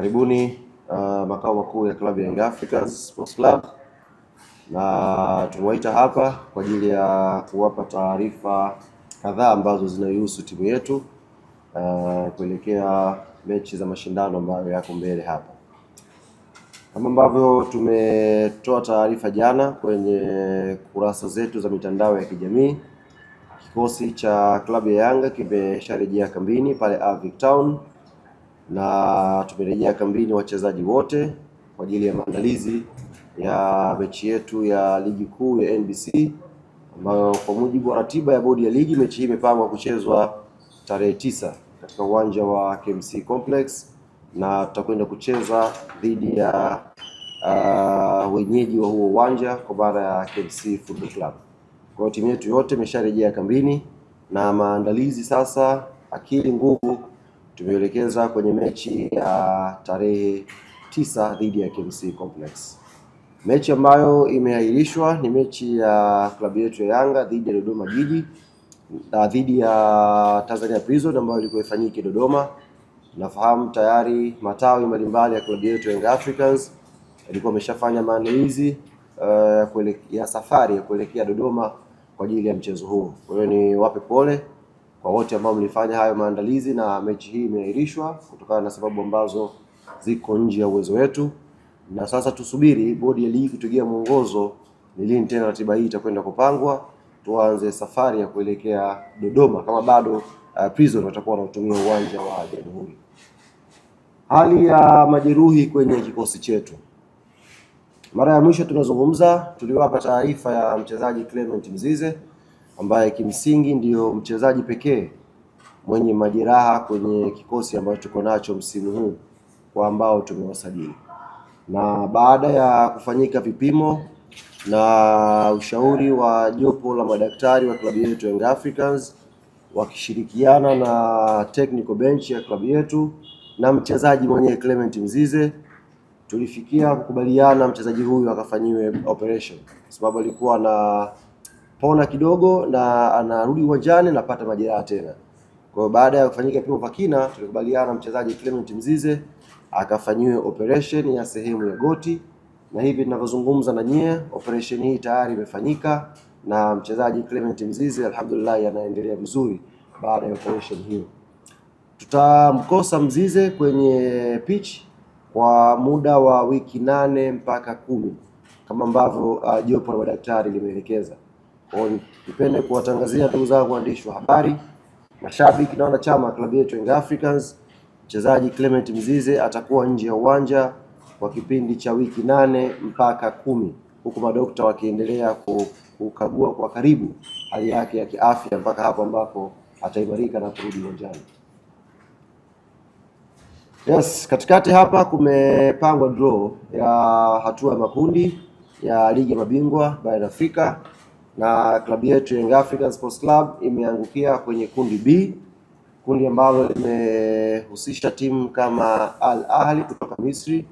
Karibuni uh, makao makuu ya klabu ya Young Africans Sports Club, na tumewaita hapa kwa ajili ya kuwapa taarifa kadhaa ambazo zinaihusu timu yetu uh, kuelekea mechi za mashindano ambayo yako mbele hapa. Kama ambavyo tumetoa taarifa jana kwenye kurasa zetu za mitandao ya kijamii, kikosi cha klabu ya Yanga kimesharejea kambini pale Avic Town na tumerejea kambini wachezaji wote kwa ajili ya maandalizi ya mechi yetu ya ligi kuu ya NBC ambayo kwa mujibu wa ratiba ya bodi ya ligi mechi hii imepangwa kuchezwa tarehe tisa katika uwanja wa KMC Complex na tutakwenda kucheza dhidi ya uh, wenyeji wa huo uwanja kwa bara ya KMC Football Club. Kwa hiyo timu yetu yote imesharejea kambini na maandalizi sasa, akili nguvu tumeelekeza kwenye mechi ya tarehe tisa dhidi ya KMC Complex. Mechi ambayo imeahirishwa ni mechi ya klabu yetu ya Yanga dhidi ya Dodoma Jiji na dhidi ya Tanzania Prison ambayo ilikuwa ifanyike Dodoma. Nafahamu tayari matawi mbalimbali ya klabu yetu Young Africans yalikuwa ameshafanya maandalizi uh, ya safari ya kuelekea Dodoma kwa ajili ya mchezo huo. Kwa hiyo wape pole kwa wote ambao mlifanya hayo maandalizi na mechi hii imeahirishwa kutokana na sababu ambazo ziko nje ya uwezo wetu, na sasa tusubiri bodi ya ligi kutugia mwongozo ni lini tena ratiba hii itakwenda kupangwa, tuanze safari ya kuelekea Dodoma kama bado uh, Prison watakuwa wanaotumia uwanja wa Jamhuri. Hali ya majeruhi kwenye kikosi chetu, mara ya mwisho tunazungumza, tuliwapa taarifa ya mchezaji Clement Mzize ambaye kimsingi ndiyo mchezaji pekee mwenye majeraha kwenye kikosi ambacho tuko nacho msimu huu kwa ambao tumewasajili. Na baada ya kufanyika vipimo na ushauri wa jopo la madaktari wa klabu yetu Young Africans wakishirikiana na technical bench ya klabu yetu na mchezaji mwenyewe Clement Mzize, tulifikia kukubaliana mchezaji huyu akafanyiwe operation sababu alikuwa na pona kidogo na anarudi uwanjani anapata majeraha tena. Kwa hiyo baada ya kufanyika vipimo vya kina, tulikubaliana mchezaji Clement Mzize akafanyiwe operation ya sehemu ya goti, na hivi tunavyozungumza na nyie, operation hii tayari imefanyika na mchezaji Clement Mzize alhamdulillah anaendelea vizuri. Baada ya operation hiyo, tutamkosa Mzize kwenye pitch kwa muda wa wiki nane mpaka kumi kama ambavyo ah, jopo la madaktari limeelekeza. Kwa nipende kuwatangazia ndugu zangu waandishi wa habari, mashabiki na wanachama wa klabu yetu Young Africans, mchezaji Clement Mzize atakuwa nje ya uwanja kwa kipindi cha wiki nane mpaka kumi huku madokta wakiendelea kukagua kwa karibu hali yake ya kiafya mpaka hapo ambapo ataimarika na kurudi uwanjani. Yes, katikati hapa kumepangwa draw ya hatua ya makundi ya ligi ya mabingwa barani Afrika na klabu yetu Young African Sports Club imeangukia kwenye kundi B, kundi ambalo limehusisha timu kama Al Ahli kutoka Misri,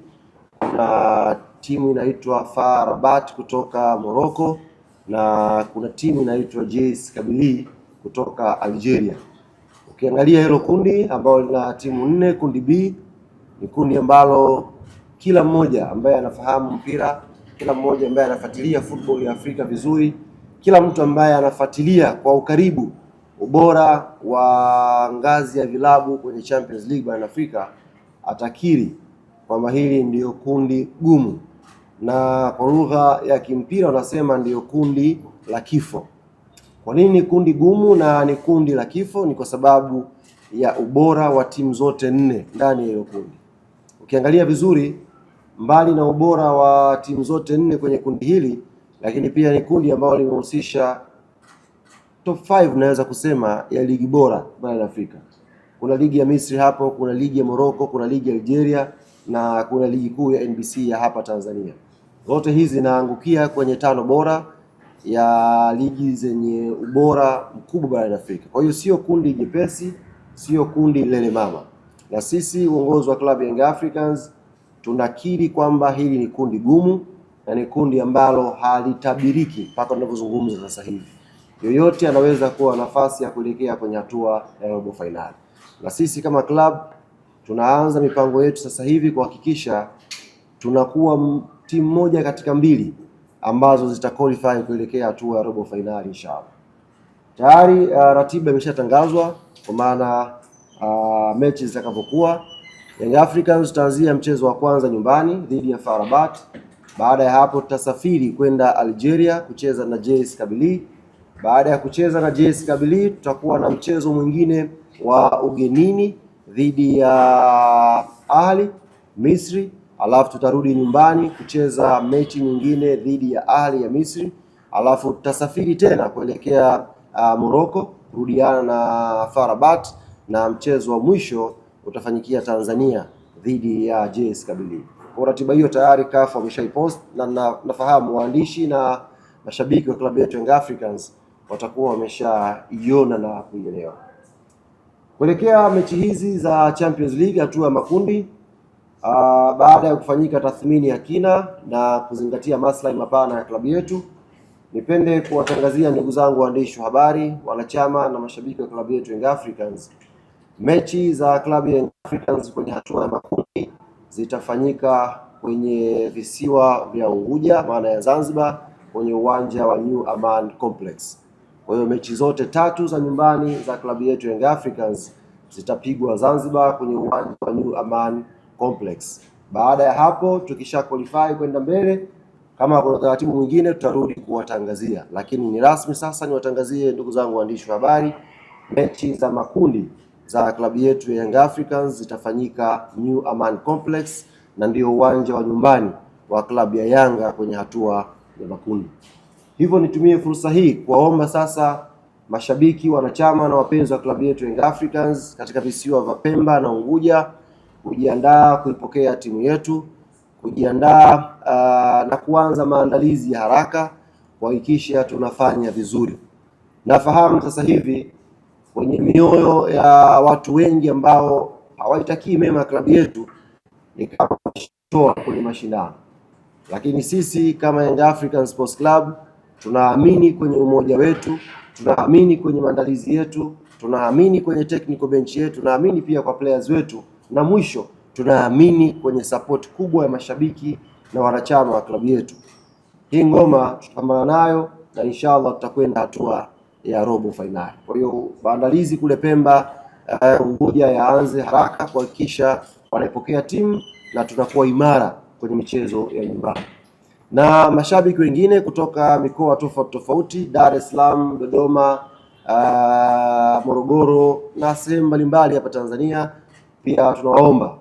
kuna timu inaitwa FAR Rabat kutoka Morocco na kuna timu inaitwa JS Kabylie kutoka Algeria. Ukiangalia hilo kundi ambalo lina timu nne, kundi B ni kundi ambalo kila mmoja ambaye anafahamu mpira, kila mmoja ambaye anafuatilia football ya Afrika vizuri kila mtu ambaye anafuatilia kwa ukaribu ubora wa ngazi ya vilabu kwenye Champions League barani Afrika atakiri kwamba hili ndiyo kundi gumu, na kwa lugha ya kimpira wanasema ndiyo kundi la kifo. Kwa nini ni kundi gumu na ni kundi la kifo? Ni kwa sababu ya ubora wa timu zote nne ndani ya hilo kundi. Ukiangalia vizuri, mbali na ubora wa timu zote nne kwenye kundi hili lakini pia ni kundi ambalo limehusisha top 5 naweza kusema ya ligi bora barani Afrika. Kuna ligi ya Misri hapo, kuna ligi ya Morocco, kuna ligi ya Algeria na kuna ligi kuu ya NBC ya hapa Tanzania. Zote hizi zinaangukia kwenye tano bora ya ligi zenye ubora mkubwa barani Afrika. Kwa hiyo sio kundi jepesi, sio kundi lele mama, na sisi uongozi wa klabu Young Africans tunakiri kwamba hili ni kundi gumu na ni kundi ambalo halitabiriki mpaka tunavyozungumza sasa hivi. Yoyote anaweza kuwa nafasi ya kuelekea kwenye hatua ya robo fainali, na sisi kama club tunaanza mipango yetu sasa hivi kuhakikisha tunakuwa timu moja katika mbili ambazo zita qualify kuelekea hatua ya robo fainali inshallah. Tayari uh, ratiba imeshatangazwa kwa maana uh, mechi zitakavyokuwa. Young Africans tutaanzia mchezo wa kwanza nyumbani dhidi ya FAR Rabat. Baada ya hapo tutasafiri kwenda Algeria kucheza na JS Kabylie. Baada ya kucheza na JS Kabylie, tutakuwa na mchezo mwingine wa ugenini dhidi ya Ahli Misri, alafu tutarudi nyumbani kucheza mechi nyingine dhidi ya Ahli ya Misri, alafu tutasafiri tena kuelekea uh, Morocco kurudiana na Farabat na mchezo wa mwisho utafanyikia Tanzania dhidi ya JS Kabylie. Kwa ratiba hiyo tayari CAF wameshaipost na, na nafahamu waandishi na mashabiki wa klabu yetu Young Africans watakuwa wameshaiona na kuielewa. Kuelekea mechi hizi za Champions League hatua ya makundi aa, ah, baada ya kufanyika tathmini ya kina na kuzingatia maslahi mapana ya klabu yetu, nipende kuwatangazia ndugu zangu waandishi wa habari, wanachama na mashabiki wa klabu yetu Young Africans mechi za klabu ya Young Africans kwenye hatua ya makundi zitafanyika kwenye visiwa vya Unguja maana ya Zanzibar kwenye uwanja wa New Aman Complex. Kwa hiyo mechi zote tatu za nyumbani za klabu yetu Young Africans zitapigwa Zanzibar kwenye uwanja wa New Aman Complex. Baada ya hapo, tukisha qualify kwenda mbele, kama kuna utaratibu mwingine tutarudi kuwatangazia, lakini ni rasmi sasa niwatangazie, ndugu zangu waandishi wa habari, mechi za makundi za klabu yetu ya Young Africans zitafanyika New Aman Complex na ndio uwanja wa nyumbani wa klabu ya Yanga kwenye hatua ya makundi. Hivyo nitumie fursa hii kuwaomba sasa mashabiki, wanachama na wapenzi wa klabu yetu Young Africans katika visiwa vya Pemba na Unguja kujiandaa kuipokea timu yetu, kujiandaa uh, na kuanza maandalizi ya haraka kuhakikisha tunafanya vizuri. Nafahamu sasa hivi kwenye mioyo ya watu wengi ambao hawaitakii mema klabu yetu, ni kama kutoa kwenye mashindano. Lakini sisi kama Young African Sports Club tunaamini kwenye umoja wetu, tunaamini kwenye maandalizi yetu, tunaamini kwenye technical bench yetu, tunaamini pia kwa players wetu, na mwisho tunaamini kwenye support kubwa ya mashabiki na wanachama wa klabu yetu. Hii ngoma tutapambana nayo na inshallah tutakwenda hatua ya robo fainali. Kwa hiyo maandalizi kule Pemba eh, Unguja uh, yaanze haraka kuhakikisha wanaipokea timu na tunakuwa imara kwenye michezo ya nyumbani. Na mashabiki wengine kutoka mikoa tofauti tofauti, Dar es Salaam, Dodoma, uh, Morogoro na sehemu mbalimbali hapa Tanzania, pia tunawaomba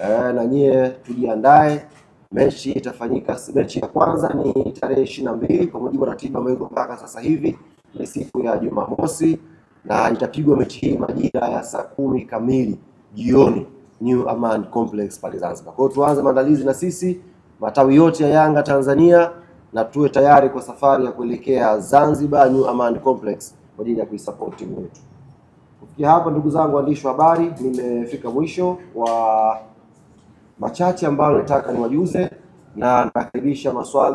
uh, na nyie tujiandae. Mechi itafanyika, mechi ya kwanza ni tarehe ishirini na mbili kwa mujibu wa ratiba ambayo iko mpaka sasa hivi ni siku ya Jumamosi na itapigwa mechi hii majira ya saa kumi kamili jioni New Aman Complex pale Zanzibar. Kwa hiyo tuanze maandalizi na sisi matawi yote ya Yanga Tanzania na tuwe tayari kwa safari ya kuelekea Zanzibar New Aman Complex kwa ajili ya kuisupport timu yetu. Kufikia hapa, ndugu zangu waandishi wa habari, nimefika mwisho wa machache ambayo nataka niwajuze na nakaribisha maswali